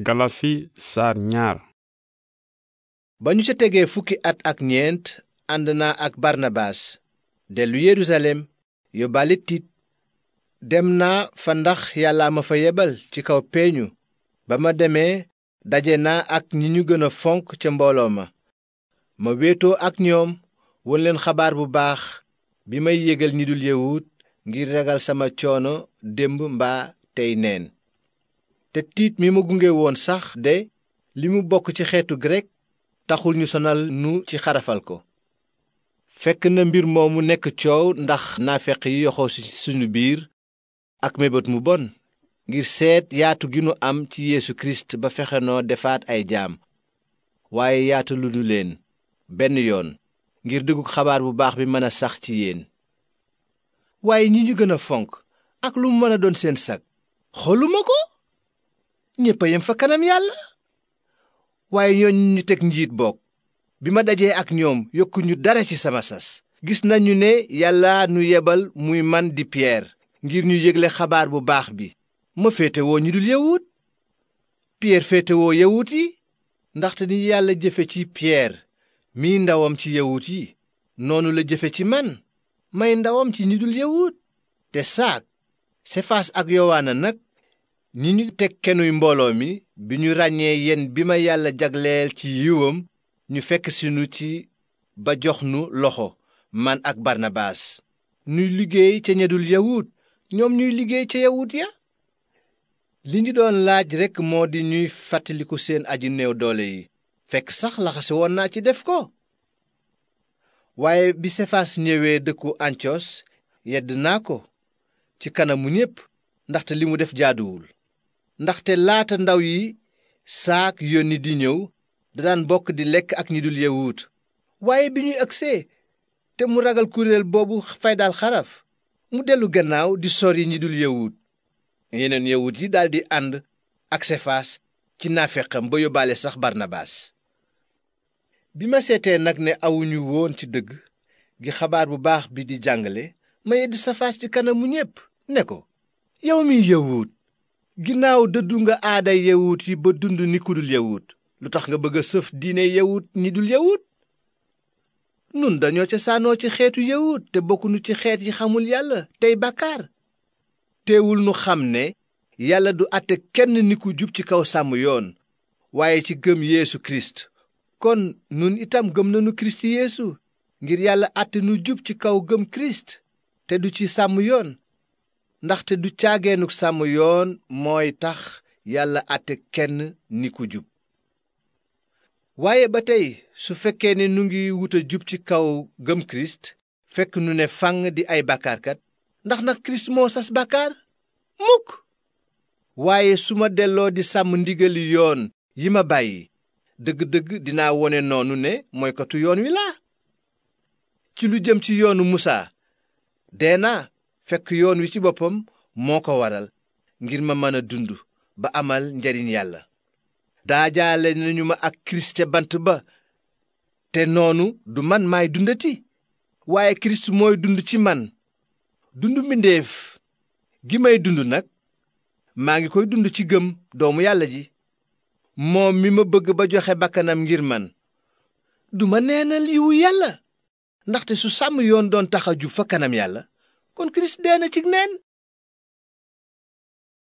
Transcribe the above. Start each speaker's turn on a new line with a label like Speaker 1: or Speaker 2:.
Speaker 1: galasi saar ñaar ba ñu ca tegee fukki at ak ñeent ànd naa ak barnabaas dellu yerusalem yóbbaale tiit dem naa fa ndax yàlla ma fa yebal ci kaw peeñu ba ma demee daje naa ak ñi ñu gën a fonk ca mbooloo ma ma wéetoo ak ñoom won xabaar bu baax bi may yégal ñi dul yewut ngir ragal sama coono démb mbaa tey neen te tiit mi ma gunge woon sax de li mu bokk ci xeetu grek taxul ñu sonal nu ci xarafal ko fekk na mbir moomu nekk coow ndax naafeq yi yoxoo ci suñu biir ak mébét mu bon ngir seet yaatu gi nu am ci yéesu Kirist ba fexe noo defaat ay jaam waaye yaatu lu nu leen benn yoon ngir dëggug xabaar bu baax bi mën a sax ci yéen waaye ñi ñu gën a fonk ak lu mën a doon seen sag xooluma ko ñépp a fa kanam yàlla waaye yoon ñu teg njiit bokk bi ma dajee ak ñoom yokkuñu dara ci sama sas gis nañu ne yàlla nu yebal muy man di piyeer ngir ñu yégle xabaar bu baax bi ma féetewoo ñu dul yawut piyeer féetewoo yawut yi ndaxte ni yàlla jëfe ci piyeer miy ndawam ci yawut yi noonu la jëfe ci man may ndawam ci ñu dul yawut te saak sefaas ak yowaana nag ni ñu teg kenuy mbooloo mi bi ñu ràññee yen bi ma yàlla jagleel ci yiwam ñu fekk sinu ci ba jox nu loxo man ak barnabaas ñuy liggéey ca ñedul yawut ñoom ñuy liggéey ca yawut ya li ñu doon laaj rekk moo di ñuy fàttaliku seen aji néew doole yi fekk sax laxase woon naa ci def ko waaye bi sefaas ñëwee dëkku antiyos yedd naa ko ci kanamu ñépp ndaxte li mu def jaaduwul ndaxte laata ndaw yi saak yónni di ñëw da daan bokk di lekk ak ñi dul yewuut waaye bi ñuy agsee te mu ragal kuréel boobu fay faydal xaraf mu dellu gannaaw di sori ñi dul yewuut yeneen yewuut yi daldi ànd ak sefaas ci naafeqam ba yóbbaale sax barnabaas bi ma seetee nag ne awuñu woon ci dëgg gi xabaar bu baax bi di jàngale ma yedd safaas ci kanamu ñépp ne ko yow mi yewuut ginnaaw dëddu nga aada yawut yi ba dund ni ku dul yawut lu tax nga bëgg sëf diine yawut ñi dul yawut nun dañoo ca sànnoo ci xeetu yawut te bokkuñu ci xeet yi xamul yàlla tey bàkkaar teewul nu xam ne yàlla du àtte kenn ni ku jub ci kaw sàmm yoon waaye ci gëm yéesu kirist kon nun itam gëm nanu kirist yéesu ngir yàlla àtte nu jub ci kaw gëm kirist te du ci sàmm yoon ndaxte du caageenuk sàmm yoon mooy tax yàlla àtte kenn ni ku waaye ba tey su fekkee ne nu ngi wut jub ci kaw gëm kirist fekk nu ne fànn di ay bàkkaarkat ndax na kirist moo sas bàkkaar mukk waaye su ma delloo di sàmm ndigali yoon yi ma bàyyi dëgg-dëgg dinaa wone noonu ne moykatu yoon wi laa ci lu jëm ci yoonu musaa dee naa fekk yoon wi ci boppam moo ko waral ngir ma mën a dund ba amal njariñ yàlla daajaale nañu ma ak kirist ca bant ba te noonu du man maay dundati waaye kirist mooy dund ci man dund mbindeef gi may dund nag maa ngi koy dund ci gëm doomu yàlla ji moom mi ma bëgg ba joxe bakkanam ngir man du duma neenal yiwu yàlla ndaxte su sàmm yoon doon taxaju a fa kanam yàlla kon kirist dee na ci neen